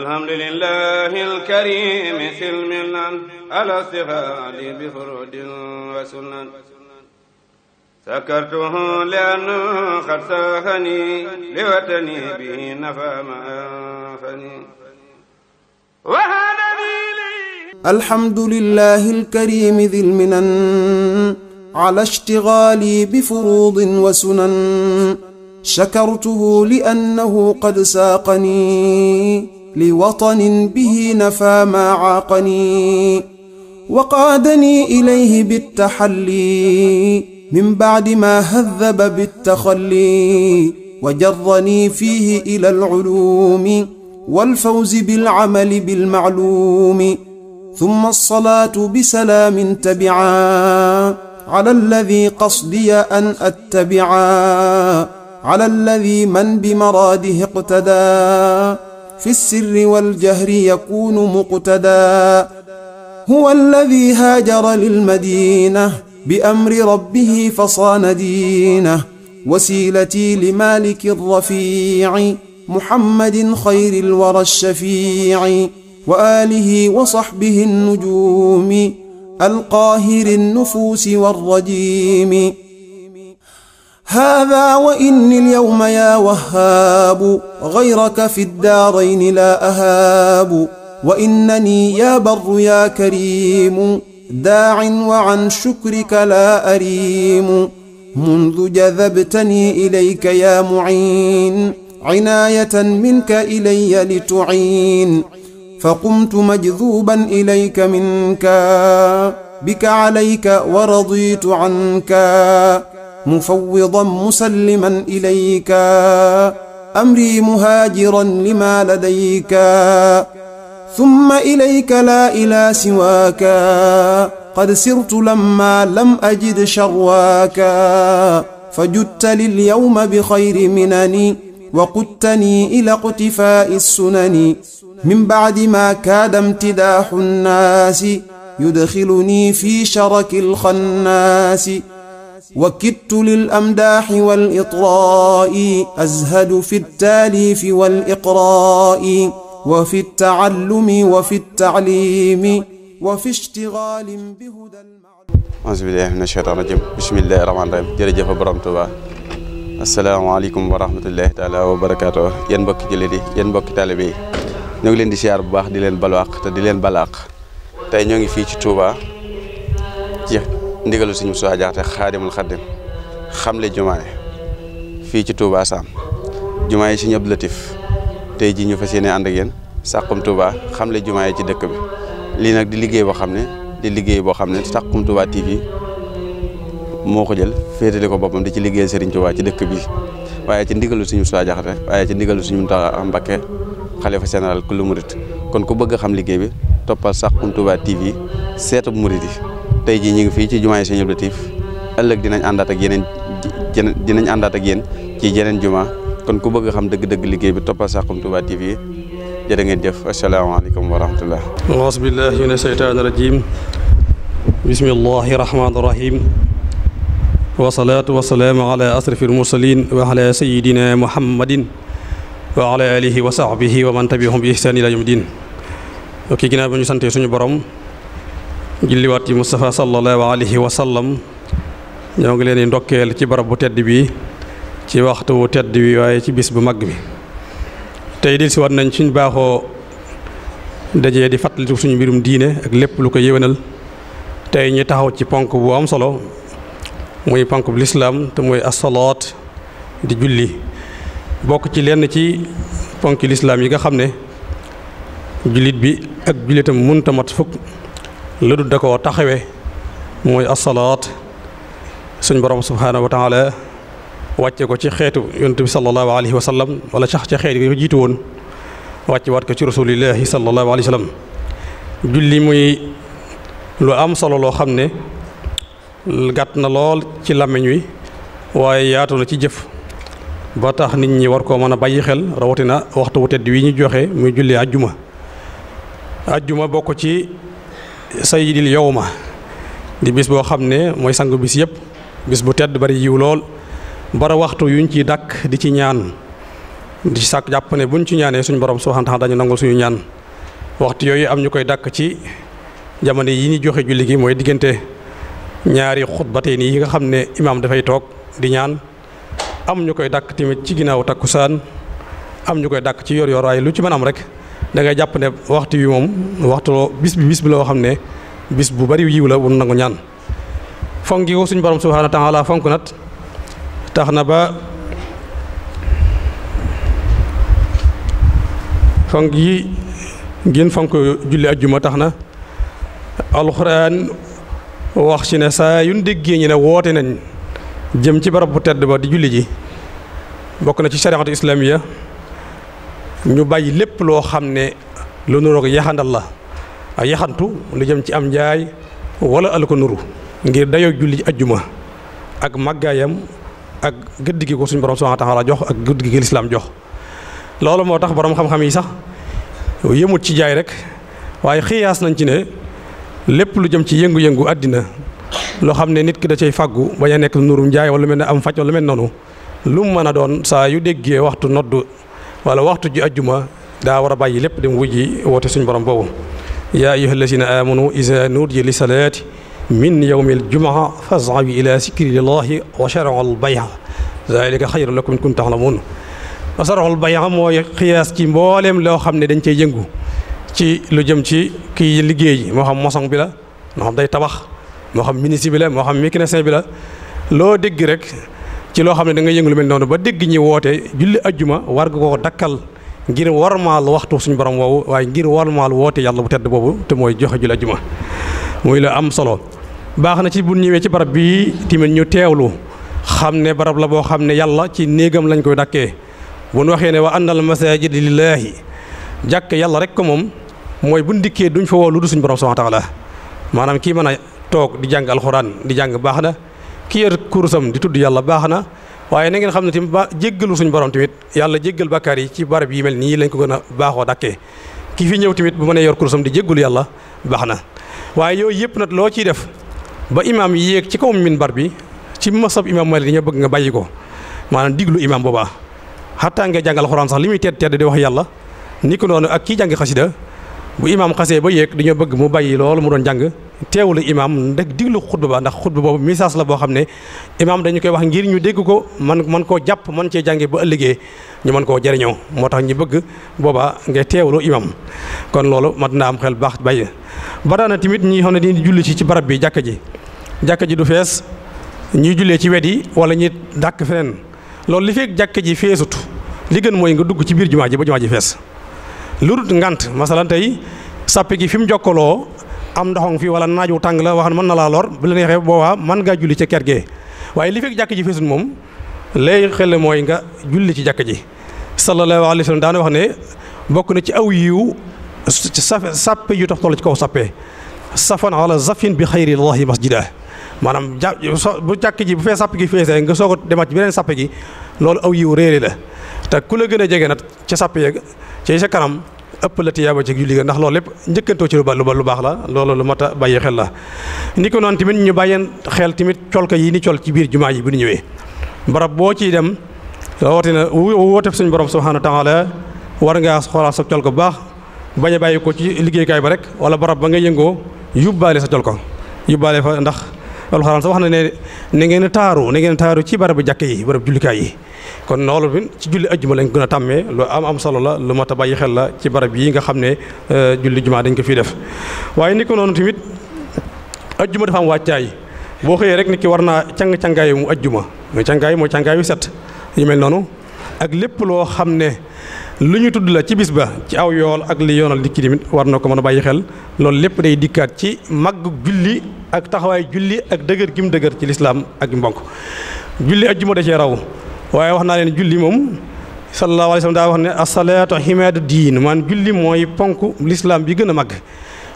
الحمد لله الكريم سلمنا على استغال بفرود وسنن سكرته لأنه قد ساهني لوطني به نفى ما أنفني وهذا الحمد لله الكريم ذي المنن على اشتغالي بفروض وسنن شكرته لأنه قد ساقني لوطن به نفى ما عاقني وقادني إليه بالتحلي من بعد ما هذب بالتخلي وجرني فيه إلى العلوم والفوز بالعمل بالمعلوم ثم الصلاة بسلام تبعا على الذي قصدي أن أتبعا على الذي من بمراده اقتدى في السر والجهر يكون مقتدا هو الذي هاجر للمدينة بأمر ربه فصان دينه وسيلتي لمالك الرفيع محمد خير الورى الشفيع وآله وصحبه النجوم القاهر النفوس والرجيم هذا وإني اليوم يا وهاب غيرك في الدارين لا أهاب وإنني يا بر يا كريم داع وعن شكرك لا أريم منذ جذبتني إليك يا معين عناية منك إلي لتعين فقمت مجذوبا إليك منك بك عليك ورضيت عنك مفوضا مسلما إليك أمري مهاجرا لما لديك ثم إليك لا إلى سواك قد سرت لما لم أجد شرواك فجدت لليوم بخير منني وقدتني إلى اقتفاء السنن من بعد ما كاد امتداح الناس يدخلني في شرك الخناس وكدت للأمداح والإطراء أزهد في التاليف والإقراء وفي التعلم وفي التعليم وفي اشتغال بهدى أعوذ بالله من الشيطان الرجيم بسم الله الرحمن الرحيم jërëjëf borom Tuubaa asalaamaaleykum wa rahmatullahi taala wa barakaatu yéen mbokki jullit yi yéen mbokki taalibe yi ñoo ngi leen di siyaar bu baax di leen balwaaq te di leen balaaq tey ñoo ngi fii ci Tuubaa ndigalu suñu Moustapha Diakhaté xaadimul xaddim xamle jumaay fii ci Touba Sam yi Sëriñ Abdou Latif tey jii ñu fas yéene ànd ak yéen Saxum Touba xamle jumaay ci dëkk bi lii nag di liggéey boo xam ne di liggéey boo xam ne Saxum Touba TV moo ko jël féetale ko boppam di ci liggéeyal Serigne Touba ci dëkk bi waaye ci ndigalu suñu Moustapha waaye ci ndigalu suñu Mountakha Mbacké xalifa général kullu murit kon ku bëgg a xam liggéey bi toppal Saxum Touba TV seetu murit yi tey jii ñu ngi fii ci jumaay Sëñ Abdou Latif ëllëg dinañ àndaat ak yeneen dinañ àndaat ak yéen ci yeneen juma kon ku bëgg xam dëgg-dëgg liggéey bi toppal Saxum Touba TV jërë ngeen jëf asalaamaaleykum wa rahmatullah aouzu billahi mina sheytaani rajim bismillahi rahmaani rahim wasalaatu wasalaamu ala asrafi almursalin wa ala sayidina muhammadin wa ala alihi wa sahbihi wa man tabiahum bi ihsaan ila yawmi din ok ginnaaw ba ñu sante suñu borom julliwaat yi Moustapha sallallahu alayhi wa sallam ñoo ngi leen di ndokkeel ci barab bu tedd bi ci waxtu wu tedd bi waaye ci bis bu mag bi tey dil nañ suñ baaxoo dajee di fàttaliku suñu mbirum diine ak lépp lu ko yéwenal tey ñu taxaw ci ponk bu am solo muy ponk bu lislaam te muy asalaat di julli bokk ci lenn ci ponk lislaam yi nga xam ne jullit bi ak jullitam munta mat fukk lu dul da koo taxawee mooy asalaat suñ borom subhaanahu wa taala wàcce ko ci xeetu yonent bi sallallahu alayhi wa sallam wala sax ci xeet yi ko jiitu woon wàcce waat ko ci rasulillahi sallallahu alayhi wa sallam julli muy lu am solo loo xam ne gàtt na lool ci làmmiñ wi waaye yaatu na ci jëf ba tax nit ñi war koo mën a bàyyi xel rawatina waxtu wu tedd wi ñu joxe muy julli àjjuma àjjuma bokk ci sa sayyidil yawma di bis boo xam ne mooy sangu bis yëpp bis bu tedd bari yiw lool bara waxtu yuñ ciy dàkk di ci ñaan di ci sàkk jàpp ne buñ ci ñaanee suñu borom subhaanahu wa ta'aala dañu nangul suñu ñaan waxtu yooyu am ñu koy dàkk ci jamono yi ñu joxe julli gi mooy diggante ñaari xutbatee nii yi nga xam ne imaam dafay toog di ñaan am ñu koy dàkk tamit ci ginnaaw takkusaan am ñu koy dàkk ci yor yor waaye lu ci mën am rek dangay jàpp ne waxtu wi moom waxtu bis bi bis bi loo xam ne bis bu bari yiw la wun nangu ñaan fonk yi ko suñu borom subhaanahu wa taala fonk nat tax na ba fonk yi ngeen fonk julli ajjuma tax na alxuraan wax ci ne saa yu déggee ñi ne woote nañ jëm ci barab bu tedd ba di julli ji bokk na ci shariatu islamiya ñu bàyyi lépp loo xam ne lu nurook yaxandal la a yaxantu lu jëm ci am njaay walla al nuru ngir dayoo julli ajjuma ak màggaayam ak gëdd ko suñu borom subhanahu wa taala jox ak gëdd gi lislaam jox loolu moo tax borom xam-xam yi sax yëmut ci jaay rek waaye xiyaas nañ ci ne lépp lu jëm ci yëngu-yëngu àddina loo xam ne nit ki da cay fàggu bañ a nekk nurum njaay wala lu mel ne am faj wala lu mel noonu lu mën a doon saa yu déggee waxtu noddu wala waxtu ji ajjuma daa war a bàyyi lépp dem wujji woote suñu borom boobu yaa ayyuha allazina amanu iza nudiya li salaati min yawmi aljumaa fasaw ila zikrillahi wa shar'u albay'a zalika xayrun lakum in kuntum ta'lamun wa shar'u albay'a mooy xiyaas ci mbooleem loo xam ne dañ cey yëngu ci lu jëm ci kii liggéey moo xam maçon bi la moo xam day tabax moo xam menuisier bi la moo xam mécanicien bi la loo dégg rek ci loo xam ne da nga yëngu lu mel noonu ba dégg ñi woote julli ajjuma war nga koo dakkal ngir warmaal waxtu suñu borom woowu waaye ngir warmaal woote yàlla bu tedd boobu te mooy joxe julli ajjuma muy la am solo baax na ci bu ñëwee ci barab bi tamit ñu teewlu xam ne barab la boo xam ne yàlla ci néegam lañ koy dakkee bu nu waxee ne wa annal di lillaahi jàkk yàlla rek moom mooy bu ndikkee duñ fa woo lu du suñu borom subhaanahu wa la maanaam kii mën a toog di jàng alxuraan di jàng baax na ki yor kurusam di tudd yàlla baax na waaye na ngeen xam ne tamit ba jéggalu suñu borom tamit yàlla jéggal bakkaar yi ci barab yi mel nii lañ ko gën a baaxoo dàkkee kii fi ñëw tamit bu mënee yor kurusam di jéggalu yàlla baax na waaye yooyu yëpp nag loo ciy def ba imaam yi ci kaw minbar bi ci masab imaam Maalik dañoo bëgg nga bàyyi ko maanaam diglu imaam boobaa xataa nga jàngal xuraan sax li muy tedd tedd di wax yàlla ni ko noonu ak kii jàng xasida bu imaam xasee ba yéeg dañoo bëgg mu bàyyi loolu mu doon jàng teewlu imaam ndeg diglu xutba ba ndax xutba boobu missage la boo xam ne imaam dañu koy wax ngir ñu dégg ko man man koo jàpp man cee jàngee ba ëllëgee ñu mën koo jëriñoo moo tax ñu bëgg boobaa nga teewlu imaam kon loolu mat naa am xel baax bàyyi ba daana tamit ñi xam ne dañuy julli ci ci barab bi jàkk ji jàkk ji du fees ñuy jullee ci wet yi wala ñuy dàkk feneen loolu li fekk jàkk ji feesut li gën mooy nga dugg ci biir jumaa ji ba jumaa ji fees lu dul ngant masalan tey sàppi gi fi mu jokkaloo am ndoxong fi wala naaj wu tàng la wax mën na laa lor bu la neexee boobaa man ngaa julli ci ker gee waaye li fekk jàkk ji feesul moom léegi xel mooy nga julli ci jàkk ji sallallahu alayhi wa sallam daana wax ne bokk na ci aw yiw sàppe yu tax toll ci kaw sàppe safan ala zafin bi xayri llahi masjida maanaam bu jàkk ji bu fee sàpp gi feesee nga soog a demaat ci beneen sàpp gi loolu aw yiw réere la te ku la gën a jege nag ca sàpp yeeg ci sa kanam ëpp la tiyaaba ci julli ga ndax loolu lépp njëkkantoo ci lu ba lu ba la loolu lu mat a xel la ni ko noonu tamit ñu bàyyeen xel tamit col ko ni col ci biir jumaa yi bu ñëwee barab boo ciy dem rawatina woote suñu borom subhaanahu wa taala war ngaa xoolaat sa col bu baax bañ a ko ci liggéeykaay ba rek wala barab ba nga yëngoo yóbbaale sa col ko yóbbaale fa ndax alxuraan sa wax na ne na ngeen taaru na ngeen taaru ci barabu jàkk yi barabu jullikaay yi kon loolu bi ci julli ajjuma lañ gën a tàmmee lu am am solo la lu mat a bàyyi xel la ci barab yi nga xam ne euh, julli jumaa dañ ko fiy def waaye ni ko noonu tamit ajjuma dafa am wàccaay boo xëyee rek nit ki war naa càng càngaayu mu ajjuma muy càngaay mooy càngaay yu set yu mel noonu ak lépp loo xam ne lu ñu tudd la ci bis ba ci aw yool ak li yoonal nit war na ko mën a bàyyi xel loolu lépp day dikkaat ci màgg julli ak taxawaay julli ak dëgër gi mu dëgër ci lislaam ak mbonk julli ajjuma da cee raw waaye wax naa leen julli moom sallallahu alayhi wa sallam daa wax ne asalaatu himaadu diin maanaam julli mooy ponk lislaam bi gën a màgg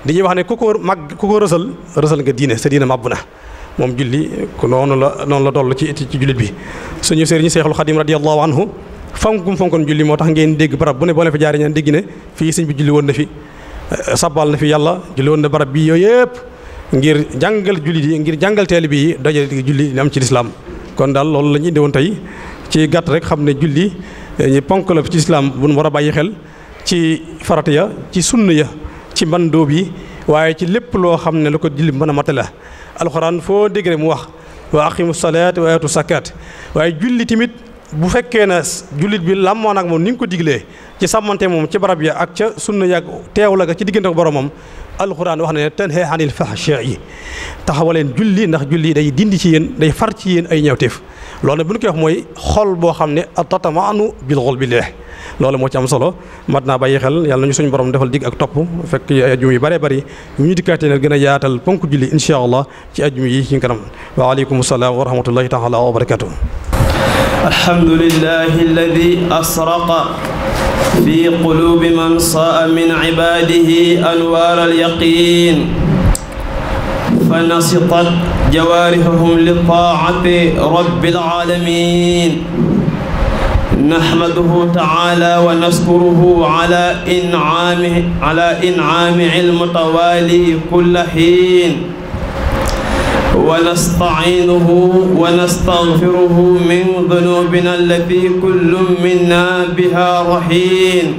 dañuy wax ne ku ko màgg ku ko rësal rësal nga diine sa na moom julli noonu la noonu la toll ci ci jullit bi suñu sëriñ Seexul Xadim radiyallahu anhu fonkum fonkoon julli moo tax ngeen dégg barab bu ne boo leen fa jaaree ñaan dégg ne fii sëñ bi julli woon na fi eh, sabbal na fi yàlla julli woon na barab bi yooyu yëpp ngir jàngal jullit yi ngir jàngal teel bi doje julli am ci lislaam kon daal loolu la ñu indi tey ci gàtt rek xam ne julli eh, ñu ponk la ci islam bu nu war a bàyyi xel ci farata ya ci sunna ya ci doob yi waaye ci lépp loo xam ne lu ko julli mën a mate la alxuraan foo dégg mu wax waa aqimu salaat wa aatu sakaat waaye julli tamit bu fekkee na jullit bi làmmoon ak moom ni nga ko diglee ci sàmmante moom ci barab ya ak ca sunna yàgg teew la ga ci diggante ko boromam alxuraan wax ne tanha anil fahshaa yi taxawaleen julli ndax julli day dindi ci yéen day far ci yéen ay ñawteef loolu bu ñu koy wax mooy xol boo xam ne tatamaanu bil xol bi lee loolu moo ci am solo mat naa bàyyi xel yàlla ñu suñu borom defal digg ak topp fekk ajum yi bëree bëri ñu dikkaatee ne gën a yaatal ponk julli insha allah ci ajum yi ci kanam wa aleykum salaam wa rahmatullahi taala wa barakatuh alhamdulillahi alladi asraqa fi qulubi man saa min ibadihi anwaar al yaqin فنشطت جوارحهم لطاعة رب العالمين نحمده تعالى ونشكره على إنعامه على إنعامه المتوالي كل حين ونستعينه ونستغفره من ذنوبنا التي كل منا بها رهين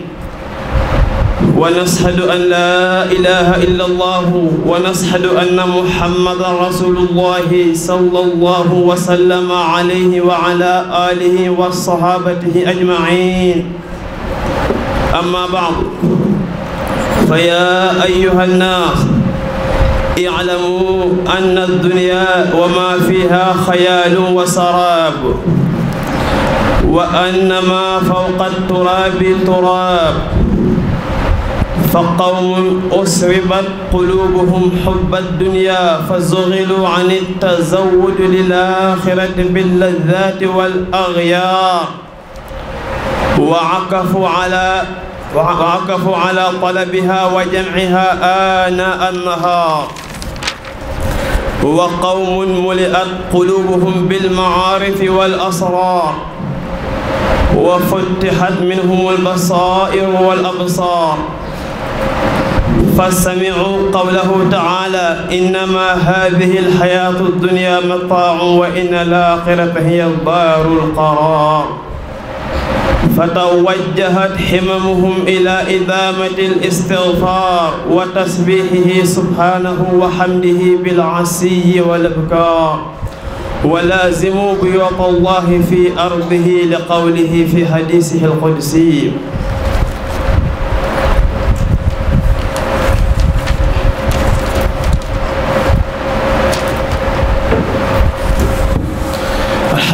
ونشهد أن لا إله إلا الله ونشهد أن محمدا رسول الله صلى الله وسلم عليه وعلى آله وصحابته أجمعين أما بعد فيا أيها الناس اعلموا أن الدنيا وما فيها خيال وسراب وأن ما فوق التراب تراب fa qawmun usribat qulubuhum xubba dunya fa zuxilu an tazawudi lil axirati billadaati wal axyaar wa akafu ala wa akafu ala talabiha wa jamciha aanaa annahaar wa qawmun muliat qulubuhum bilmacaarifi wal asraar wa futixat minhum albasaair wal absaar فاستمعوا قوله تعالى إنما هذه الحياة الدنيا متاع وإن الآخرة هي الدار القرار فتوجهت حممهم إلى إدامة الاستغفار وتسبيحه سبحانه وحمده بالعسي والإبكار ولازموا بيوت الله في أرضه لقوله في حديثه القدسي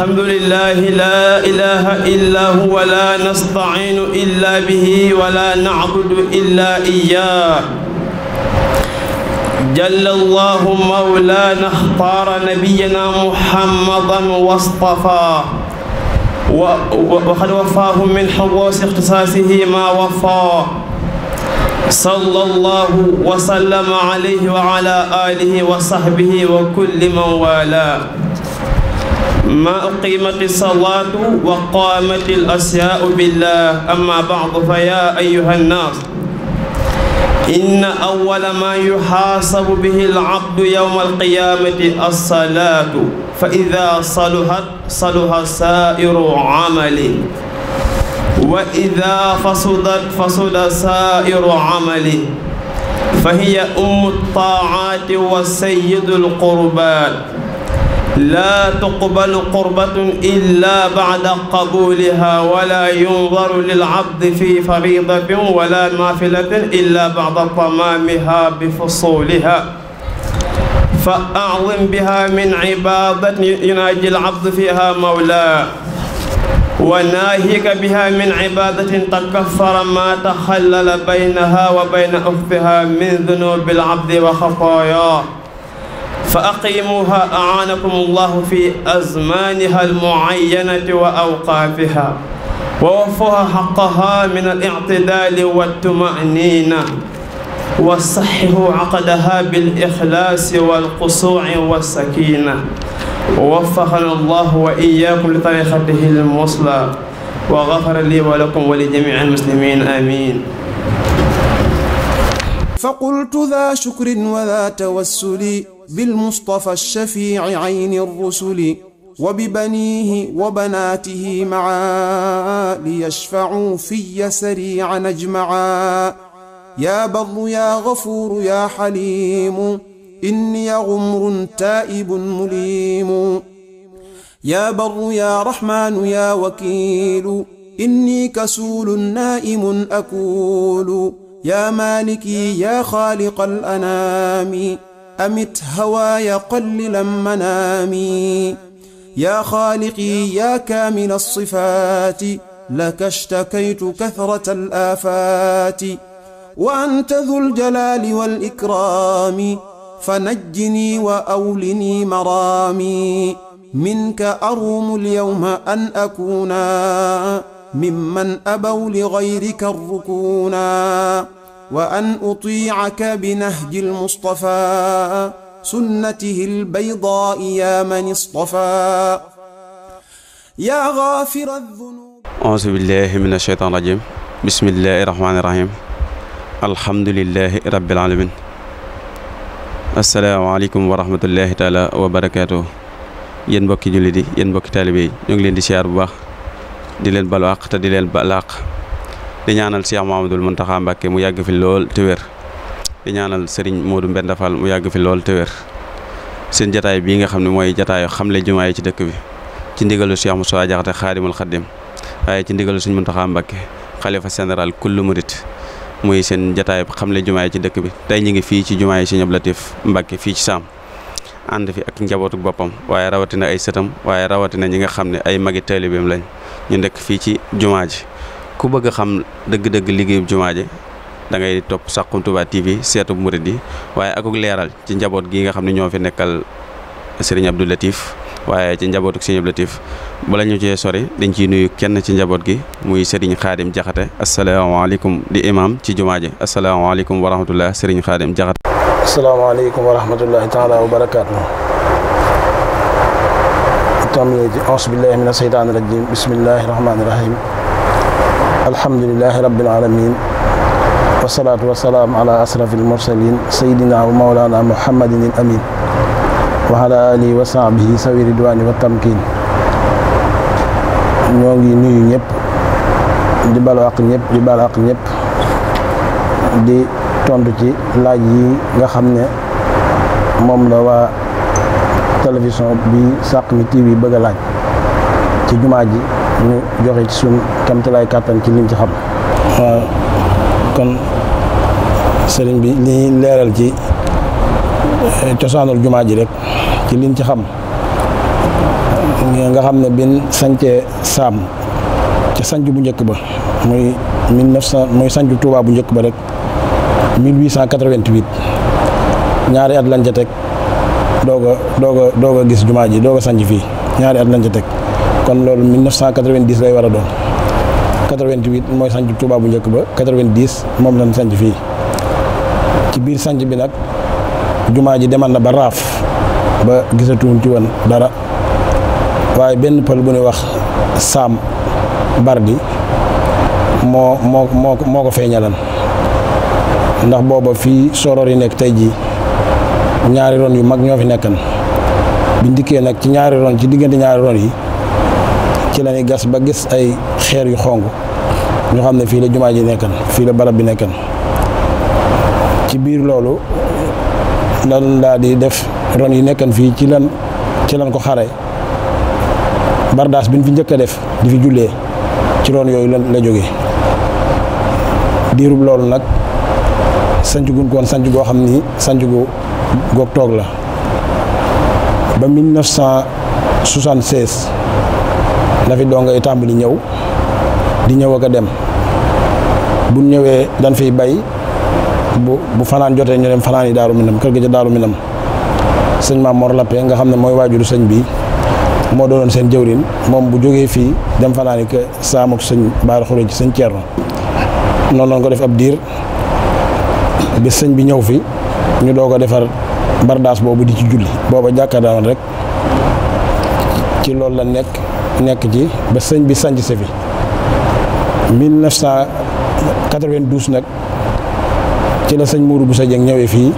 الحمد لله لا إله إلا هو لا نستعين إلا به ولا نعبد إلا إياه جل الله مولانا اختار نبينا محمدا واصطفاه وقد وفاه من حواس اختصاصه ما وفاه صلى الله وسلم عليه وعلى آله وصحبه وكل من والاه ما أقيمت الصلاة وقامت الأشياء بالله أما بعد فيا أيها الناس إن أول ما يحاسب به العبد يوم القيامة الصلاة فإذا صلحت صلح سائر عمله وإذا فسدت فسد سائر عمله فهي أم الطاعات وسيد القربات لا تقبل قربة إلا بعد قبولها ولا ينظر للعبد في فريضة ولا نافلة إلا بعد تمامها بفصولها فأعظم بها من عبادة يناجي العبد فيها مولاه وناهيك بها من عبادة تكفر ما تخلل بينها وبين أخفها من ذنوب العبد وخطاياه فأقيموها أعانكم الله في أزمانها المعينة وأوقافها ووفوها حقها من الاعتدال والطمأنينة وصححوا عقدها بالإخلاص والقصوع والسكينة ووفقنا الله وإياكم لطريقته المصلى وغفر لي ولكم ولجميع المسلمين آمين فقلت ذا شكر وذا توسل بالمصطفى الشفيع عين الرسل وببنيه وبناته معا ليشفعوا في سريعا نجمعا يا بر يا غفور يا حليم إني غمر تائب مليم يا بر يا رحمن يا وكيل إني كسول نائم أكول يا مالكي يا خالق الأنام أمت هواي قللا منامي يا خالقي يا كامل الصفات لك اشتكيت كثرة الآفات وأنت ذو الجلال والإكرام فنجني وأولني مرامي منك أروم اليوم أن أكونا ممن أبوا لغيرك الركونا وأن أطيعك بنهج المصطفى سنته البيضاء يا من اصطفى يا غافر الذنوب أعوذ بالله من الشيطان الرجيم بسم الله الرحمن الرحيم الحمد لله رب العالمين السلام عليكم ورحمة الله تعالى وبركاته yéen mbokki jullit yi yéen mbokki taalibe yi ñoo ngi leen di siyaar bu baax di leen balu àq te di leen balaax di ñaanal Cheikh Mouhamadoul Mountakha Mbacké mu yàgg fi lool te wér di ñaanal Serigne Modou mu yàgg fi lool te wér seen jataay bii nga xam ne mooy jataayu xamle jumaa yi ci dëkk bi ci ndigalu Cheikh Moussa Diakhaté Xaadimul Xaddim waaye ci ndigalu Serigne Mountakha Mbacké xalifa général kullu murit muy seen jataay xamle jumaa yi ci dëkk bi tey ñu ngi fii ci jumaa yi Serigne Abdou Latif Mbacké fii ci Saam ànd fi ak njabootu boppam waaye rawatina ay sëtam waaye rawatina ñi nga xam ne ay magi taalibeem lañ ñu nekk fii ci jumaa ji ku bëgg a xam dëgg-dëgg liggéeyub jumaa ji da ngay topp Saxum Touba TV seetub murid yi waaye akuk leeral ci njaboot gi nga xam ne ñoo fi nekkal sëriñ Abdou waaye ci njabootuk Serigne Abdou Latif bala ñu cee sori dañ ciy nuyu kenn ci njaboot gi muy sëriñ Serigne Khadim Diakhaté asalaamaaleykum di imam ci jumaa ji asalaamaaleykum wa sëriñ Serigne Khadim Diakhaté. asalaamaaleykum wa rahmatullahi taala wa barakaatu. tàmbalee ci auzu billaahi mina sheytaani rajiim bismillaahi alhamdulilahi rabbil alamin wasalaatu wasalaam ala asrafil mursalin sayidina wa maulana muhammadin amin wa ala alihi wa sahbihi sawi ridwani wa tamkin ñoo ngi nuyu ñëpp di balu àq ñëpp di balu ñëpp di tontu ci laaj yi nga xam ne moom na waa télévision bi Saxmi TV bëgg laaj ci jumaa ji ñu joxe ci kamtalaay kàttan ci liñ ci xam kon sëriñ bi li leeral ci eh, cosaanul jumaa ji rek ci liñ ci xam nga xam ne bin sancee saam ca sanc bu njëkk ba muy mille neuf muy sanc Touba bu njëkk ba rek 1888 ñaari at lañ ca teg doog a doog a doog a gis jumaa ji doog a sanc fii ñaari at lañ ca teg kon loolu 1990 lay war a doon 88 mooy sanc Touba bu njëkk ba 90 moom lañ sanc fii ci biir sanc bi nag jumaa ji demal na ba raaf ba gisatuñ ci woon dara waaye benn pël bu ne wax Saam Bardi moo moo moo moo ko feeñalan ndax booba fii soror yi nekk tey jii ñaari ron yu mag ñoo fi nekkan bi ndikkee nag ci ñaari ron ci diggante ñaari ron yi ci la ñuy gas ba gis ay xeer yu xong ñu xam ne fii la jumaa ji nekkan fii la barab bi nekkan ci biir loolu lan laa di def ron yi nekkan fii ci lan ci lan ko xare bardaas bi ñu fi njëkk a def di fi jullee ci ron yooyu lan la jóge diirub loolu nag sanc guñ koon sanc goo xam ni sanc gu goog toog la ba 1976 la fi doo ngay tàmbali ñëw di ñëw ak a dem bu ñëwee dañ fiy bay bu bu fanaan jotee ñu dem fanaan yi daaru minam kër gi ca daalu minam sëñ Maam Mor Lappe nga xam ne mooy waajuru sëñ bi moo doonoon seen jëwrin moom bu jógee fii dem fanaan yi saamuk sëñ Baara Xuree ci sëñ Ceerno noonu lañ ko def ab diir bi sëñ bi ñëw fi ñu doog ko defar bardaas boobu di ci julli booba jàkkaarloo rek ci loolu la nekk nekk ci ba sëñ bi sanc si fi 1992 nag ci la sëñ Mourou Boussa Dieng ñëwee fii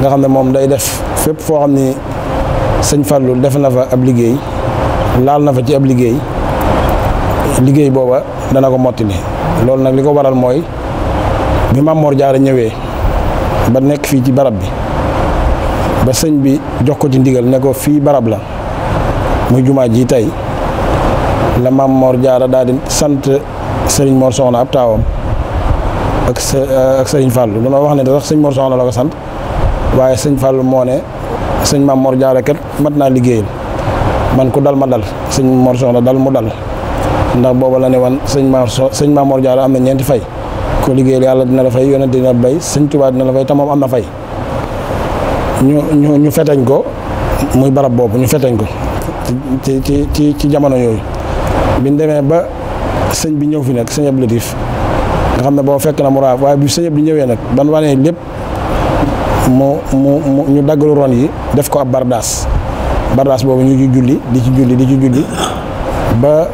nga xam ne moom day def fépp foo xam ni sëñ Fallou def na fa ab liggéey laal na fa ci ab liggéey liggéey booba dana ko motti mottali loolu nag li ko waral mooy bi Mame Mor Diarra ñëwee ba nekk fii ci barab bi ba sëñ bi jox ko ci ndigal ne ko fii barab la muy jumaa ji tey la Mame Mor Diarra di sant. sëriñ Mor Soxna ab taawam ak së eh, ak sëriñ Fallou dama wax ne da sax sëñ Mor Soxna la ko sant waaye sëñ Fallou moo ne sëñ Maam Mor Jaara kat mat naa liggéeyal man ku dal ma dal sëñ Mor Soxna dal mu dal ndax booba la ne wan sëñ Maam sëñ Maam Mor Jaara am na ñeenti fay ko liggéeyal yàlla dina la fay yonent dina bay sëñ Tuubaa dina la fay te am na fay ñu ñu ñu ko muy barab boobu ñu feteñ ko ci ci ci jamono yooyu biñ demee ba. sëñ bi ñëw fi nag sëñ Abdou Latif nga xam ne boo fekk na mu raaf waaye bu sëñ Abdou ñëwee nag ban wanee lépp mu mu mu ñu daggalu ron yi def ko ab bardaas bardaas boobu ñu ci julli di ci julli di ci julli ba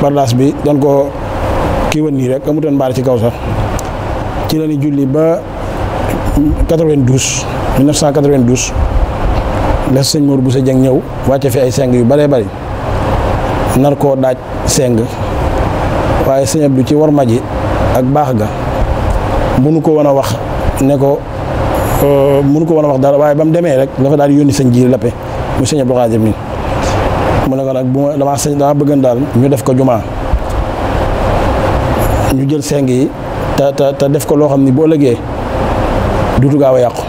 bardaas bi dañ ko kii woon nii rek amutoon mbaar ci kaw sax ci la ñuy julli ba 92 1992 la sëñ Mour bu sa jeg ñëw wàcce fi ay seng yu bare bari nar koo daaj seng waaye sëñ Abdou ci war ma ji ak baax ga mënu ko woon a wax ne ko euh, mënu ko woon a wax dara waaye ba mu demee rek dafa daal di yónni sëñ Jili Lappe mu sëñ Abdou Xaadir mi mu ne ko nag bu ma damaa sëñ damaa bëggan daal ñu def ko jumaa ñu jël seng yi te te def ko loo xam ni boo ëllëgee duutu gaaw a yàqu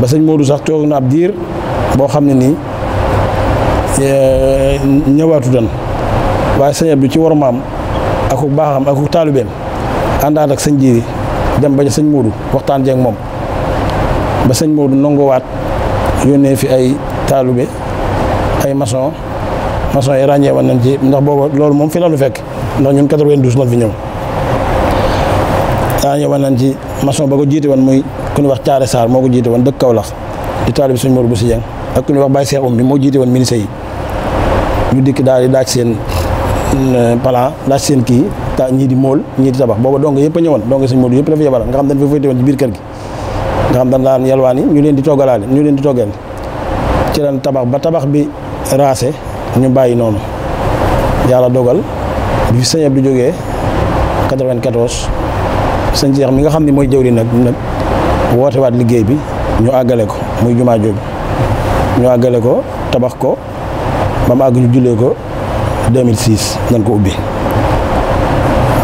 ba sëñ moodu sax toog na ab diir boo xam ne nii euh, ñëwaatu dan waaye sëñ Abdou ci war maam ak baaxam ak taalubeem àndaat ak sëñ Jiiri dem ba ca sëñ Moodu waxtaan jeeg moom ba sëñ Moodu nangoowaat yónnee fi ay taalube ay maçon maçon yi ràññee woon nañ ci ndax boobu loolu moom fi lu fekk ndax ñun 92 lañ fi ñëw ràññee woon nañ ci maçon ba ko jiite woon muy ku nu wax Thiaré Sarr moo ko jiite woon dëkk Kaolack di taalib sëñ Moodu bu si jeng ak ku ñuy wax Baye Cheikh Oumy moo jiite woon ministère yi ñu dikk daal di daaj seen plan laaj seen kii ta ñii di móol ñii di tabax booba dong yëpp a ñëwoon dong suñu móol yëpp dafa yebal nga xam dañ fa féetewoon ci biir kër gi nga xam dañ daan yalwaan yi ñu leen di toggalaale ñu leen di toggal ci lan tabax ba tabax bi raase ñu bàyyi noonu yàlla dogal bi sëñ Abdou jógee 94 sëñ Cheikh mi nga xam ne mooy jëwri nag nag woote waat liggéey bi ñu àggale ko muy jumaa jooju ñu àggale ko tabax ko ba àgg ñu jullee ko 2006 lañ ko ubbi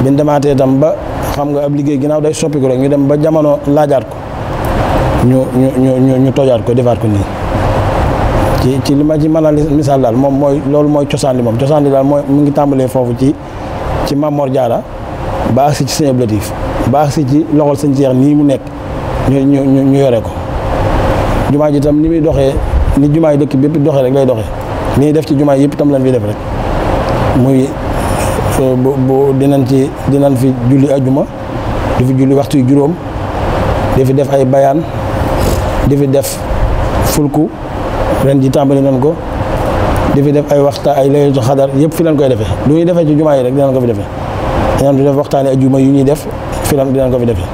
biñ demaatee itam ba xam nga ab liggéey ginnaaw day soppi ko rek ñu dem ba jamono laajaat ko ñu ñu ñu ñu tojaat ko defaat ko nii ci ci li ma ci mën a misaal daal moom mooy loolu mooy cosaan li moom daal mooy mu ngi tàmbalee foofu ci ci Mamor Diarra ba agsi ci sëñ Ablatif ba agsi ci loxol sëñ Seex nii mu nekk ñu ñu ñu yore ko jumaa ji tam ni muy doxee ni jumaa yi dëkk bépp doxee rek lay doxee ni def ci jumaa yëpp tam lañ fi def muy euh, bu bu dinañ ci dinañ fi julli ajuma di fi julli waxtu yu juróom di fi def ay bayaan di fi def fulku ren ji tàmbali nañ ko di fi def ay waxtaan ay laylatul xadar yëpp fi lañ koy defee lu ñuy defee ci jumaa yi rek dinañ ko fi defe dinañ fi def waxtaani yu ñuy def fi lañ ko fi defee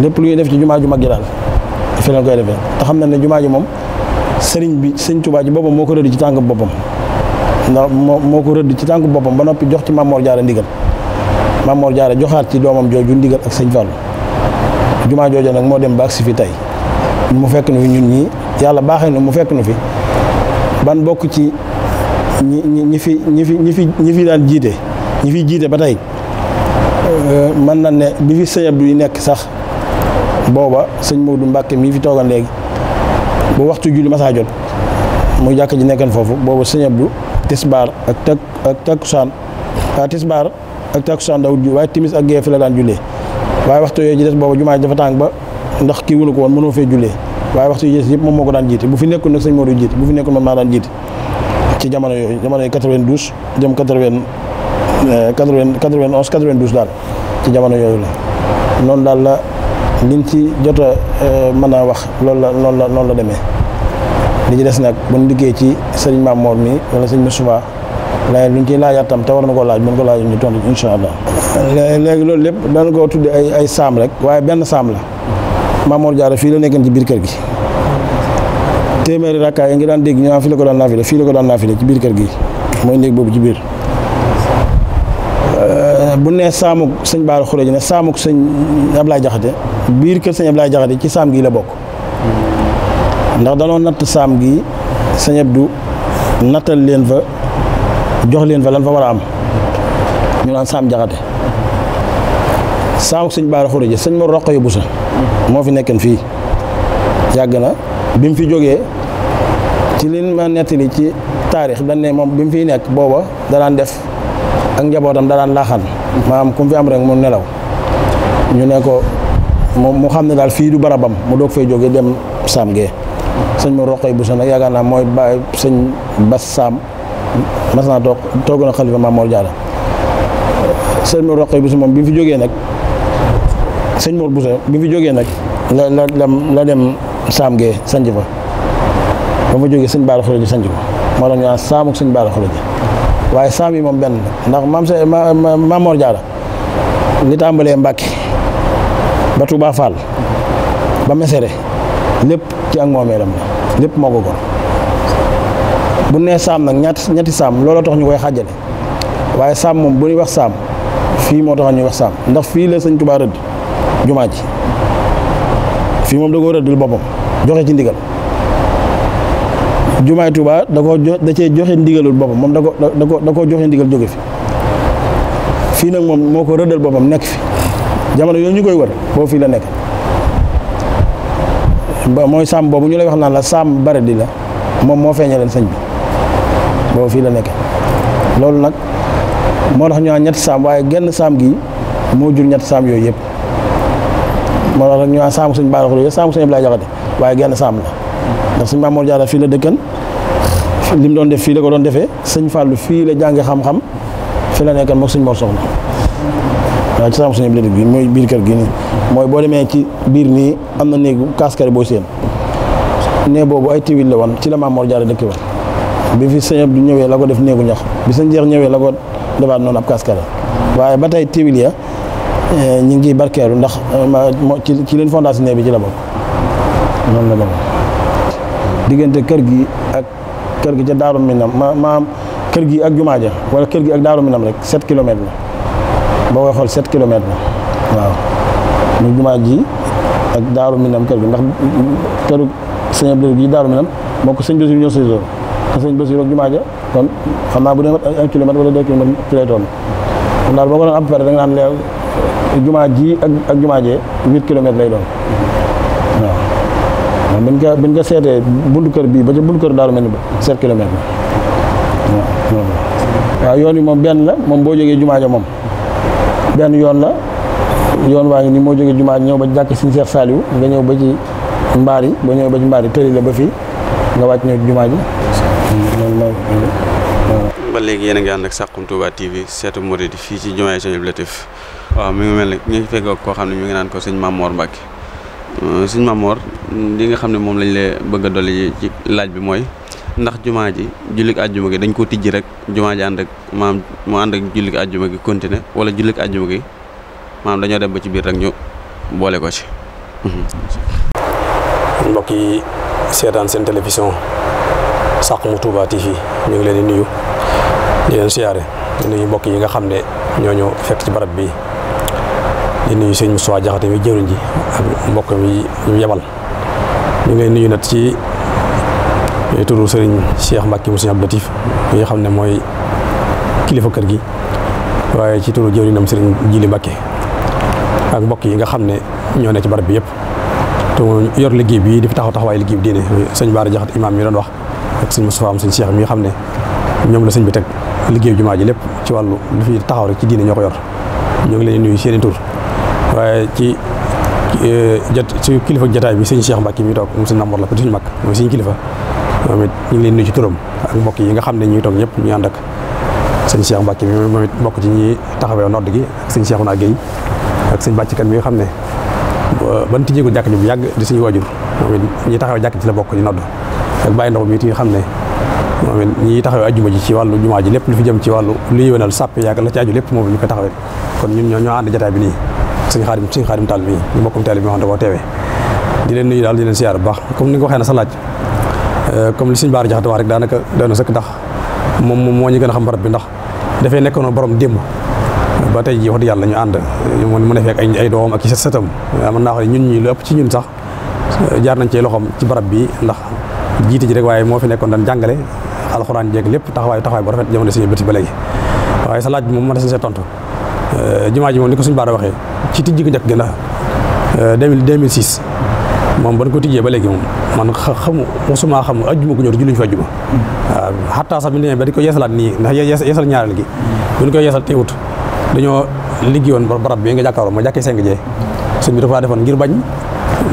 lépp lu ñuy def ci jumaa ju mag ji daal fi lañ koy defee te xam na ne jumaa ji moom sëriñ bi sëriñ Tuubaa ji boppam moo ko rëdd ci tànk boppam ndax moo moo ko rëdd ci tànk boppam ba noppi jox ci Mamor Diarra ndigal Mamor Diarra joxaat ci doomam jooju ndigal ak sëñ Fallou jumaa jooju nag moo dem ba agsi fi tey mu fekk nu ñun ñii yàlla baaxee na mu fekk nu fi ban bokk ci ñi ñi fi ñi fi ñi fi ñi fi daan jiite ñi fi jiite ba tey euh, mën na ne bi fi sëñ Abdou yi nekk sax booba sëñ Modou Mbacke mii fi toogal léegi bu waxtu julli masaa jot muy jàkk ji nekkan foofu booba sëñ Abdou tisbaar ak tak ak takkusaan ah tisbaar ak takkusaan dawul waaye timis ak gee fi la daan jullee waaye waxtu yooyu ji des boobu jumaa ji dafa tàng ba ndax kii wulu ko woon mënoo fee jullee waaye waxtu yi des yëpp moom moo ko daan jiite bu fi nekkul nag sëñ Modou jiite bu fi nekkul man maa daan jiite ci jamono yooyu jamono yi 92 jëm eh, daal ci jamono yooyu la noonu daal la liñ ci jot a eh, mën a wax loolu la loolu la noonu la demee li ci des nag bu ñu liggéey ci sëriñ Maam Mor mi wala sëriñ Moussa lay luñ ciy laajaat tam te war na koo laaj mën ko laaj ñu tontu incha allah. léegi loolu lépp daan koo tudde ay ay saam rek waaye benn saam la Maam Mor Diarra fii la nekkoon ci biir kër gi téeméeri rakkaay yi nga daan dégg ñu naan fii ko daan naafile fii la ko daan naafile ci biir kër gi mooy néeg boobu ci biir. Euh, bu nee saamuk sëñ Baara Xuree ji ne saamuk sëñ Ablaye Jaxate biir kër sëñ Ablaye Jaxate ci saam gii la bokk. ndax danoo natt saam gi sëñ Abdou nattal leen fa jox leen fa lan fa war a am ñu naan saam jaxate saamu sëñ Baara Xurija sëñ ma roqo yu busa moo fi nekkan fii yàgg na bi mu fi jógee ci liñ ma nettali ci taarix dañ ne moom bi mu fiy nekk booba danaan def ak njabootam daan laaxan maanaam ku mu fi am rek mu nelaw ñu ne ko mu xam ne daal fii du barabam mu doog fay jóge dem saam gee sëñ ma roqoy bu sa nag yaakaar naa mooy bàyyi sëñ bas saam mas naa toog toogoon na xalifa Maam Jaara sëñ ma roqoy bu moom bi mu fi jógee nag sëñ Mor Boussa bi fi jógee nag la la la dem saam gee sanj fa ba fa jógee sëñ Baara Xoloji sanj ko moo tax ñu naan saamuk sëñ Baara Xoloji waaye saam yi moom benn ndax maam sa Maam Mor Jaara li tàmbalee Mbàkke ba Touba Fall ba Mesere lépp ci ak moomeelam la lépp moo ko gor bu nee saam nag ñetti ñetti saam looloo tax ñu koy xàjjale waaye saam moom bu ñuy wax saam fii moo tax ñuy wax saam ndax fii la sëñ Tuubaa rëdd jumaa ci fii moom da koo rëddul boppam joxe ci ndigal jumaay Tuubaa da koo da joxe ndigalul boppam moom da ko koo joxe ndigal jóge fi fii nag moom moo ko rëddal boppam nekk fi jamono yooyu ñu koy wër boo fii la nekk. ba mooy saam boobu ñu lay wax naan la saam bari di la moom moo feeñalal sëñ bi boobu fii la nekk loolu nag moo tax ñu naan ñetti saam waaye genn saam gi moo jur ñetti saam yooyu yëpp moo tax rek ñu naan saamu sëñ Bara Xuréja saamu sëñ Abdoulaye Jaxate waaye genn saam la ndax sëñ Maam Mor Jaara fii la dëkkan li mu doon def fii la ko doon defee sëñ Fàllu fii la jànge xam-xam fii la nekkan mook sëñ Mor Soxna waaw ci sama suñu biir bi mooy biir kër gi nii mooy boo demee ci biir nii am na néegu kaaskari booy seen nee boobu ay tiwil la woon ci la Maam moo Jaara dëkk woon bi fi sëñ Abdu ñëwee la ko def néegu ñax bi sëñ Jeex ñëwee la ko defaat noonu ab waaye ba tey tiwil ya eh, ñu ngi barkeelu ndax eh, ci ci leen fondation nee bi ci la bokk noonu la demee diggante kër gi ak kër gi ca Daaru Minam maam kër gi ak jumaa ja wala kër gi ak Daaru Minam rek 7 kilomètres la boo koy xool 7 kilomètres la waaw mu jumaa ji ak daaru minam kër gi ndax këru sëñ Abdou gi daaru minam moo ko sëñ Basiru ñoo sëñ Basiru te sëñ ak jumaa ja kon xam bu dee un kilomètre wala deux daal boo ko doon am jumaa ji ak ak jumaa jee 8 kilomètres lay doon waaw biñ ba biñ ko seetee buntu kër bii ba ca buntu kër daaru mel ni ba 7 kilomètres la waaw yoon yi moom benn la moom boo jógee jumaa ja moom benn yoon la yoon waa ngi moo jógee jumaa ñëw ba ci jàkk Sëriñ Seex Saaliw nga ñëw ba ci mbaar yi ba ñëw ba ci mbaar yi ba fii nga wàcc ñëw jumaa ji ba léegi yéen a ngi ànd ak Saxum Touba TV seetu Mouride fii ci jumaa Sëriñ Abdou Latif waaw mi mel ni ñu ngi fekk koo xam ne mi ngi naan ko sëñ mamoor Mbacke sëñ mamoor li nga xam ne moom lañ la bëgg a dolli ci laaj bi mooy ndax jumaa ji jullik àjjuma gi dañ ko tijji rek jumaa ji ànd ak maam mu ànd ak jullik àjjuma gi continué wala jullik àjjuma gi maam dañoo dem ba ci biir rek ñu boole ko ci. mbokk yi seetaan seen télévision Saxum Touba TV ñu ngi leen di nuyu leen siyaare di nuyu mbokk yi nga xam ne ñoo ñu fekk ci barab bi di nuyu sëñ Moussa Jaxate mi jëriñ ji ak mbokk mi ñu yebal ngi leen nuyu nag ci. ñuy turu sëriñ Cheikh Mbacke mu sëriñ Abdou Latif mi nga xam ne mooy kilifa kër gi waaye ci turu jëwriñam sëriñ Jili Mbacke ak mbokk yi nga xam ne ñoo ne ci barab bi yëpp te yor liggéey bi di fi taxaw taxawaay liggéey bi diine sëñ Baara Jaxat imaam mi doon wax ak sëñ Moustapha am mi nga xam ne ñoom la sëñ bi teg liggéey jumaa ji lépp ci wàllu lu fi taxaw ci diine ñoo ko yor ñoo ngi leen nuyu seen tur waaye ci jot ci kilifa jataay bi sëñ Cheikh Mbacke mi toog moom sëñ Namor la petit suñu mag mooy suñu kilifa moom it ñu ngi nuyu ci turam ak mbokk yi nga xam ne ñu ngi toog ñëpp ñu ànd ak sëñ Cheikh Mbacke mi moom it bokk ci ñi taxawee nodd gi ak sëñ Cheikhouna Guèye ak sëñ Bàcc mi nga xam ne ban tijjeeku jàkk ji yàgg di suñu waajur moom jàkk ci la bokk di nodd ak bàyyi ndox mi xam ne moom it ñi taxawee ajjuma ji ci ji lépp lu fi jëm ci wàllu lu yéwénal sàpp yàgg la ci moom ñu ko taxawee kon ñoo ñoo ànd jataay bi nii sëñ xaadim sëñ xaadim taal mi ñu mbokkum taal bi moo xam ne boo teewee di leen nuyu daal di leen siyaar bu baax comme ni nga waxee sa laaj Euh, comme li suñ baar jaxate wax rek daanaka doy na sëkk ndax moom moom moo ñu gën a xam barab bi ndax dafay nekkoon borom démb ba tey jii wax yàlla ñu ànd mu ne ay ay doomam ak i sëtam mën naa wax ne ñun ñi lu ci ñun sax jaar nañ ci loxoom ci barab bi ndax jiite ji rek waaye moo fi nekkoon daan jàngale alxuraan jeeg lépp taxawaay ba bu rafet jamono suñu bëti ba léegi waaye sa laaj bi moom mën na seen tontu euh, jumaa ji moom ni ko suñu baara waxee ci tijji ko njëkk gën a 2006 moom ba ban ko tijjee ba léegi moom man xamu mosumaa xam ajjuma gu ñëw julliñu fa ajjuma waaw xataa sax bi ñu demee ba di ko yeesalaat nii ndax yeesal ñaareel gi bu ñu koy yeesal teewut dañoo liggéeyoon barab bi nga jàkkaaroon ma jàkkee seng jee sëñ bi dafa defoon ngir bañ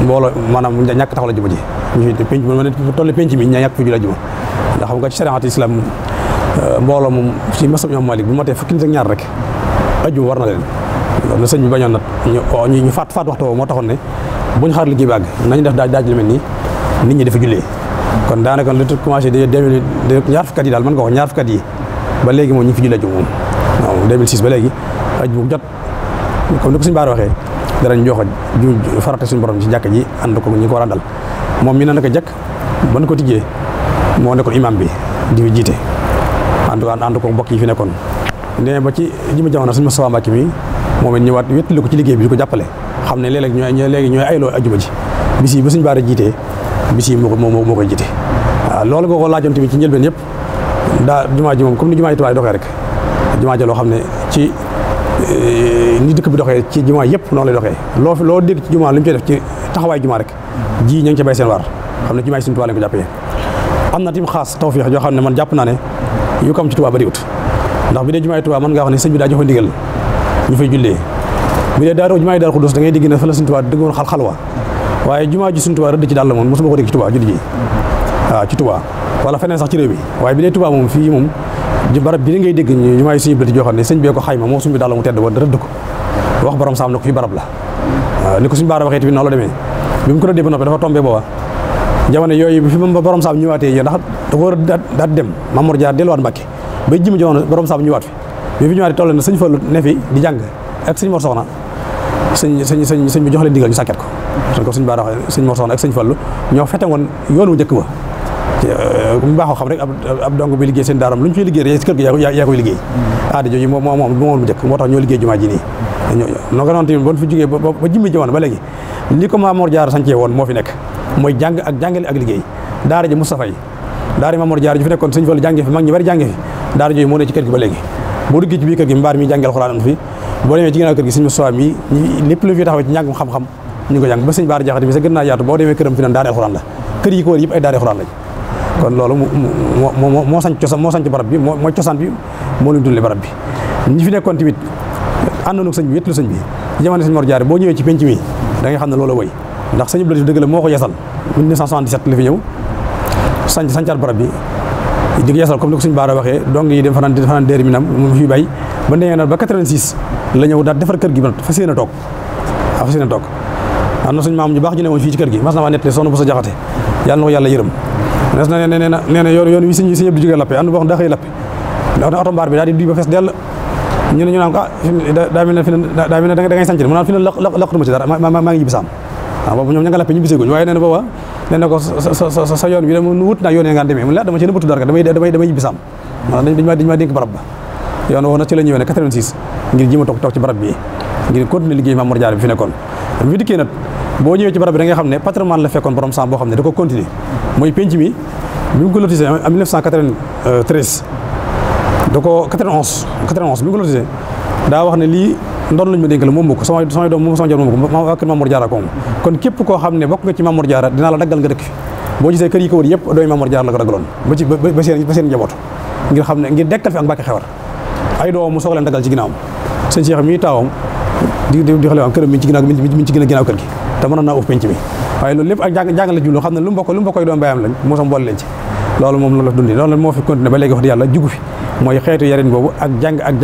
mbooloo maanaam ñàkk taxaw la juma ji ñu penc ma ne tolli penc xam nga ci sariat islam euh, mbooloo moom ci masam ñoom bu matee fukki nit ak ñaar rek ajjuma war na leen loolu sëñ bi bañoon nag ñu faat faat waxtu woo moo taxoon ne buñ xaar liggéey bi àgg nañ def daaj daaj lu mel nii nit ñi dafa jullee kon daanaka lu commencé de ñaar fukkat yi daal mën nga wax ñaar fukkat yi ba léegi moom ñu fi jullee ji moom waaw 2006 ba léegi aj bu jot comme ni ko suñu baar waxee danañ jox ju farata suñu borom ci jàkk ji ànd ko ñu ko a dal moom mi na naka jëkk ban ko tijjee moo nekkoon imam bi di fi jiite ànd ko ànd ko mbokk yi fi nekkoon nee ba ci ji mu jamono suñu Moustapha Mbacké mi moom it ñëwaat wéttali ko ci liggéey bi di ko jàppale xam ne léeg-léeg ñooy léegi ñooy ayloo ajuma ji bis yi ba suñu baar a jiitee bis yi moo ko moo koy jite waaw loolu nga ko laajoon ci njëlbeen yëpp daa jumaa ji moom comme ni jumaa ji tubaab doxee rek jumaa loo xam ne ci eh, ni bi doxee ci jumaa yëpp noonu lay doxee loo loo dégg ci jumaa li mu ci def ci taxawaay jumaa rek ji ña ngi ci seen waar xam ne jumaa yi suñu tubaab lañ ko jàppee am na tim xaas yoo xam ne man jàpp naa ne yu kam ci tubaab bariwut ndax bi dee jumaa yi tubaab mën ngaa wax ne sëñ bi daa joxe ndigal ñu fay jullee bi dee daaru jumaa yi daaru xudus da ngay dégg ne fa la suñu tubaab dëggoon xal waa waaye jumaa ji suñu Tuubaa rëdd ci dàll moom mosuma ko dégg ci Tuubaa julli ji waaw ci Tuubaa wala feneen sax ci réew mi waaye bi ne Tuubaa moom fii moom barab bi ngay dégg jumaa yi suñu bëlati ne sëñ bee ko xayma moo suñu dàll mu tedd woon rëdd ko wax barab la waaw ni ko suñu baara waxee tamit noonu la demee bi mu ko rëddee ba noppi dafa tombé booba jamono yooyu bi fi moom ba borom saam ñëwaatee yo ndax da ko daat dem Mamour Jaar delluwaat Mbàkke ba jëm jamono borom saam ñëwaat fi bi fi ñëwaatee toll na sëñ Fallu ne fi di jàng ak sëñ Mor Soxna sëñ sëñ sëñ sëñ bi jox leen digal ñu sàkket ko sëñ ko sëñ Bara sëñ Mor Soxna ak sëñ Fallu ñoo fete woon yoonu njëkk ba euh, mu baaxoo xam rek ab dong bi liggéey seen daaram lu ñu ciy liggéey rek si kër fi jógee ba jimmi jamono ba léegi li ko Maamoor Jaara sancee woon moo fi nekk mooy jàng ak jàngale ak liggéey daara ji Moustapha yi daara ji Maamoor Jaara ji fi nekkoon sëñ Fallu jànge fi mag ñi bari jànge fi daara jooju moo ne ci kër gi ba léegi boo duggee ci biir kër gi mbaar mi jàngal boo demee ci ginnaaw kër gi sëñ Moussa mi lépp xam ñu ngi ko jàng ba sëñ Baara Jaxate bi sa gën naa yaatu boo demee këram fi naan daara alxuraan la kër yi ko wër yëpp ay daara alxuraan lañ kon moo moo sanc moo sanc barab bi mooy cosaan bi moo luñ dundee barab bi ñi fi nekkoon tamit àndoon ak sëñ bi wétlu sëñ bi jamono sëñ Mor Jaare boo ñëwee ci penc mi da xam ne loolu woy ndax sëñ Abdou dëgg la moo ko yeesal 1977 la fi ñëw sanc sancaat barab bi di ko yeesal comme ni ko sëñ Baara waxee dong yi dem fanaan fanaan bay ba nee na ba 86 defar kër gi ba toog waaw ah, fas yéene toog am na suñu maam ñu baax ñu ne woon fii ci kër gi mas na bu sa jaxate yàlla na ko yàlla yërëm nes na nee na nee na yoon ne ñu naan ko ah ci dara maa ngi ñibbi saam waaw ah, ñoom ña lappe ñu biseeguñ waaye nee na booba nee ko sa sa yoon wi de mu wut naa yoon yi nga demee mu la ah, dama ci nëbbatu dara damay damay damay ñibbi ma dénk barab yoon woo na ci la ñëwee ne 86 ngir ji ma toog toog ci barab bi ngir continuer liggéey Maam Jaara bi fi nekkoon bi boo ñëwee ci barab bi da xam ne patrimoine la fekkoon borom boo xam ne da ko continuer mooy penc mi bi mu daa wax ne lii ndoon lañu ma dénk la moom ko sama sama doom moom sama jor moom ko wàkk Maam Jaara ko kon képp koo xam ne bokk nga ci Maam Jaara dinaa la daggal nga dëkk boo gisee seen ba ay doomam mu soog leen dagal ci ginnaawam sëñ Cheikh mii taawam di di xale am këram mi ci ginnaaw mi ci gën a ginnaaw kër gi te mënoon naa uf penc mi waaye loolu lépp ak la ba léegi wax di yàlla jugu fi mooy xeetu jàng ak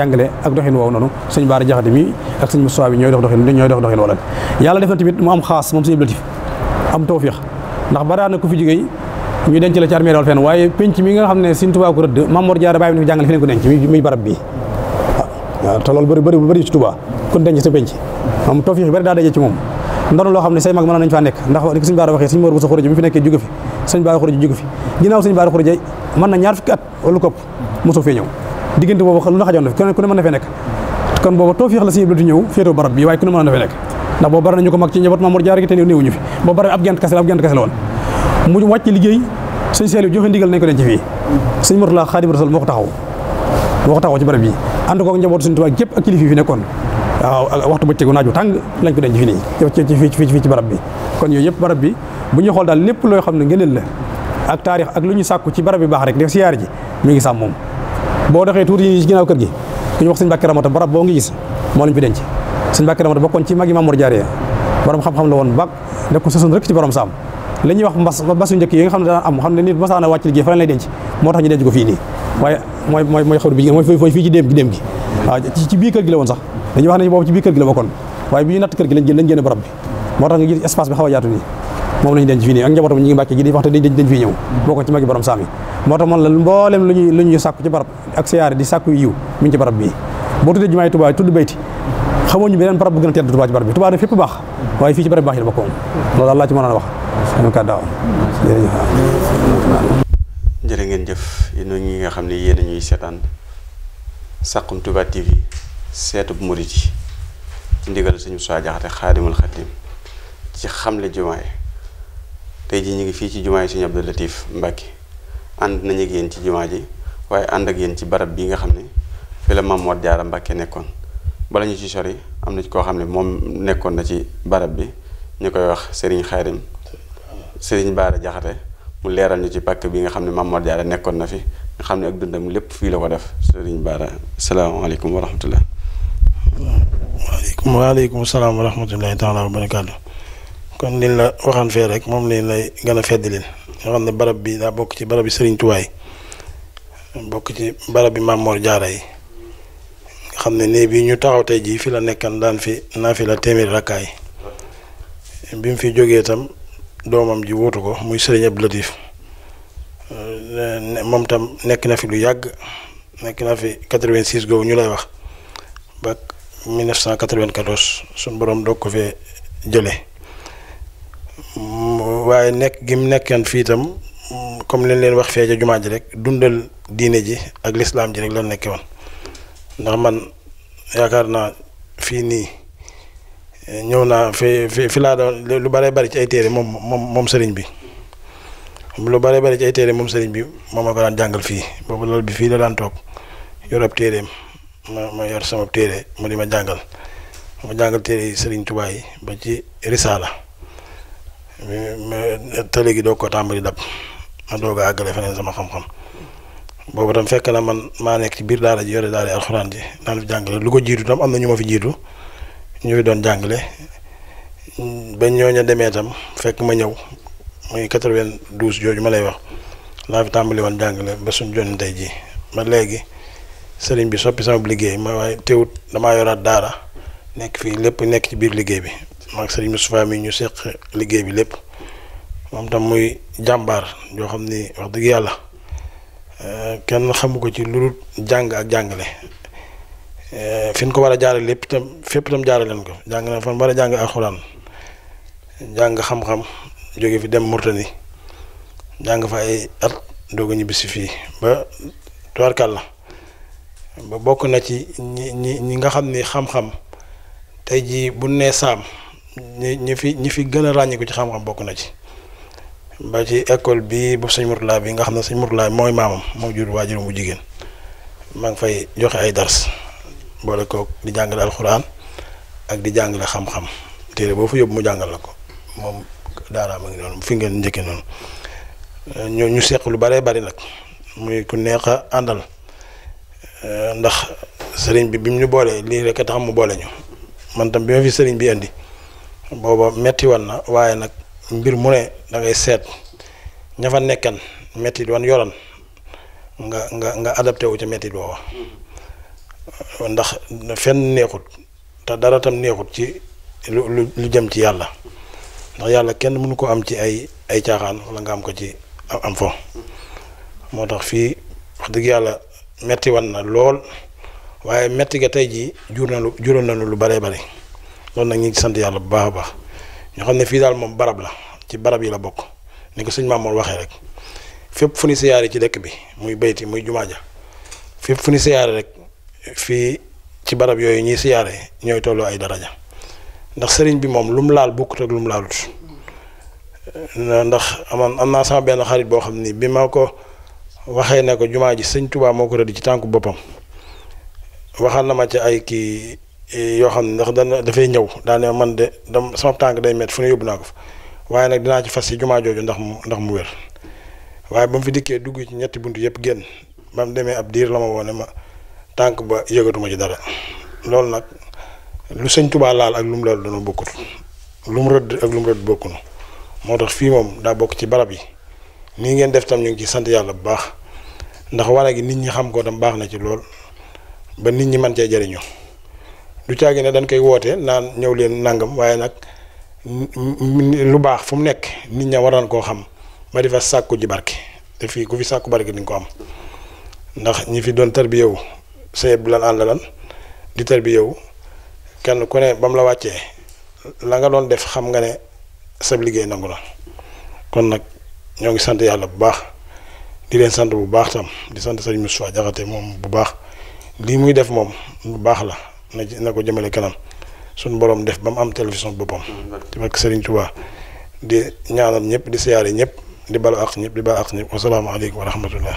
ak doxin woowu noonu sëñ Baara Jaxate mi ak sëñ ci armée xam ne sëñ Tuubaa ko rëdd Mamoor Jaara bàyyi na fi jàngale fi leen ko denc muy barab bii waaw te loolu bëri bëri bu bëri ci Touba kon denc sa penc moom tawfiix yu bëri daa daje ci moom ndono loo xam ne say mag mënoon nañu faa nekk ndax ni ko sëñ Baara waxee sëñ Mor Bousso Khourédia bi fi nekkee jóge fi sëñ Baara Khourédia jóge fi ginnaaw sëñ Baara Khourédia mën na ñaar fukki at wala kopp mosoo fee ñëw diggante boobu lu na xajoon na fi ku ne mën na fee nekk kon boobu tawfiix la sëñ Ibrahima di ñëw féetoo barab bi waaye ku ne mën na fee nekk ndax boobu bari nañu ko mag ci njaboot Mamour Diarra gi te néewuñu fi boobu bari ab gent kase la ab gent kase la woon mu wàcc liggéey sëñ Saliou joxe ndigal nañ ko denc fii sëñ Mourtala Xaadim Rasul moo ko taxaw waxu taxaw ci barab yi ànd koog njabootu Sëriñ Tuubaa gépp ak kilifa yi fi nekkoon waaw waxtu bëccëgu naaju tàng lañ ko denc fi nii fii fii ci barab bi kon yooyu yëpp barab bi bu ñu daal lépp loo xam ne ngëneel la ak taarix ak lu ñu sàkku ci barab bi baax rek def siyaar ji mi ngi sàmm moom boo doxee tuuti yi ci ginnaaw kër gi ku ñu wax sëñ Mbàkke Ramata barab boo ngi gis moo lañ fi denc sëñ Mbàkke Ramata bokkoon ci magi Mamour Jaare borom xam-xam la woon bak def ko sosoon rek ci borom saam la ñuy wax mbas mbasu njëkk yi a wàcc liggéey fa waaye mooy mooy mooy xaru bi mooy fii ci déem gi déem gi waaw ci biir kër gi la woon sax dañuy wax ne boobu ci biir kër a yaatu nii moom lañu denc fii nii ak njabootam ñu ngi mbàkkee bi Tuubaa de fépp baax waaye fii ci la a wax nuyu ñi nga xam ne yéen a ñuy seetaan Saxum Touba TV seetu bu murit yi ci ndigal suñu Musaa Jaxate xaadimul xadim ci xamle jumaa tey jii ñu ngi fii ci jumaa yi suñu Abdou Latif Mbàkke ànd nañu ak ci jumaa ji waaye ànd ak yéen ci barab bi nga xam ne fi la Maam Jaara Mbàkke nekkoon bala ñu ci sori am na koo xam ne moom nekkoon na ci barab bi ñu koy wax sëriñ Xaadim sëriñ Baara Jaxate mu leeral na ci pàkk bi nga xam ne Mame Mor Diarra nekkoon na fi nga xam ne ak dundam lépp fii la ko def sëriñ Bara salaamaaleykum wa rahmatullah. waaleykum waaleykum salaam wa rahmatullahi taala wa kon liñ la rek moom lañ lay gën a feddalil barab bi daa bokk ci barab bi Sëriñ Tuubaa bokk ci barab bi Mame jaara yi nga xam ne néeg bi ñu taxaw tey jii fi la nekkan daan fi naa fi la téeméeri rakkaay bi mu fi jógee itam doomam ji wóotu ko muy sëriñ Abdou euh, moom tam nekk na fi lu yàgg nekk na fi 86 googu ñu lay wax ba 1994 suñ borom doog ko fee jële waaye nekk gi mu nekkan fii tam comme leen leen wax fee jumaa ji rek dundal diine ji ak lislaam ji rek la nekkee woon ndax man yaakaar naa fii nii ñëw naa fi fi laa doon lu bare bari ci ay téere moom moom sëriñ bi lu bare bari ci ay téere moom sëriñ bi moom ma ko daan jàngal fii boobu loolu bi fii la daan toog yor ab ma yor sama téere mu di ma jàngal ma jàngal téere yi sëriñ Tuubaa yi ba ci risaala te doo ko tàmbali dab ma doog a àggale sama xam-xam boobu tam na man maa nekk ci biir daara ji yore daara alxuraan ji daan fi lu ko jiitu tam am na ñu ma fi jiitu ñu fi doon jàngale ba ñooña demee tam fekk ma ñëw muy 92 jooju ma lay wax laa fi tàmbali woon jàngale ba suñ jonni tey jii ma léegi sëriñ bi soppi sama liggéey ma waaye teewut damaa yoraat daara nekk fii lépp nekk ci biir liggéey bi maag sëriñ Moustapha mi ñu seq liggéey bi lépp moom tam muy jàmbaar yoo xam ni wax dëgg yàlla eh, kenn xamu ko ci lu dul jàng ak jàngale Eh, fi ñu ko war a jaarale lépp itam fépp itam jaarale leen ko jàng na fan war a jàng alxuraan jàng xam-xam jóge fi dem Murtani jàng fa ay at doog a ñibbisi fii ba tuwarkal la ba bokk na ci ñi ñi ñi nga xam ni xam-xam tey jii bu nee saam ñi ñi fi ñi fi gën a ràññiku ci xam-xam bokk na ci ba ci école bi bu sëñ Murtala bi nga xam ne sëñ Murtala mooy maamam mooy jur waajuram bu jigéen maa ngi fay joxe ay dars boole kook di jàngale alxuraan ak di jàngale xam-xam téere boo fa yóbbu mu jàngal la ko moom daaraam a ngi noonu fi ngeen njëkkee noonu ñoo ñu seq lu baree bari nag muy ku neex a àndal eh, ndax sëriñ bi bi mu ñu boolee lii rek a tax mu boole ñu man tam bi ma fi sëriñ bi indi booba metti woon na waaye nag mbir mu ne da ngay seet ña fa nekkan metti woon yoran nga nga nga adapté wu ca metti booba mm-hmm. ndax fenn neexut te dara tam neexut ci lu lu jëm ci yàlla ndax yàlla kenn mënu ko am ci ay ay caaxaan wala nga am ko ci am fo moo tax fii wax dëgg yàlla metti wan na lool waaye metti ga tey jii jur na lu jural na lu bare bare loolu nag ñu sant yàlla bu baax a baax ñu xam ne fii daal moom barab la ci barab yi la bokk ni ko sëñ Mamour waxee rek fépp fu ni siyaare ci dëkk bi muy bayti muy jumaaja fépp fu ni siyaare rek fii ci barab yooyu ñuy siyaare ñooy tolloo ay daraja ndax sëriñ bi moom lu laal bokkut ak lu mu laalut ndax aman am naa sama benn xarit boo xam ni bi ma ko waxee ne ko jumaa ji sëñ Tuubaa moo ko rëdd ci tànk boppam waxal na ma ci ay kii e, yoo xam ne ndax dana dafay ñëw daane man de dam sama tànk day met fu ne yóbbu naa ko fa waaye nag dinaa ci fas si jumaa jooju ndax mu ndax mu wér waaye ba mu fi dikkee dugg ci ñetti bunt yëpp génn ba mu demee ab diir la ma woone ma tànk ba yëgatuma ci dara loolu nag lu sëñ tubaa laal ak lu mu laal dana bokkut lu mu rëdd ak lu mu rëdd bokkunu moo tax fii moom daa bokk ci barab yi nii ngeen def tam ñu ngi ci sant yàlla bu baax ndax wane gi nit ñi xam ko tam baax na ci lool ba nit ñi mën cee jariñu du caagi ne dañ koy woote naan ñëw leen nangam waaye nag lu baax fu mu nekk nit ña war koo xam ba di fa sàkku ji barke te fii ku fi sàkku barke di nga ko am ndax ñi fi doon tarbiyewu sëñ bi lan àndalal di tarbiya wu kenn ku ne ba mu la wàccee la nga doon def xam nga ne sab liggéey nangu la kon nag ñoo ngi sant yàlla bu baax di leen sant bu baax tam di sant sëñ Moustapha Diakhaté moom bu baax lii muy def moom bu baax la na na ko jëmale kanam suñu borom def ba mu am télévision boppam. ci barke Serigne Touba di ñaanal ñëpp di siyaare ñëpp di balu ak ñëpp di balu ak ñëpp wasalaamaaleykum wa rahmatullah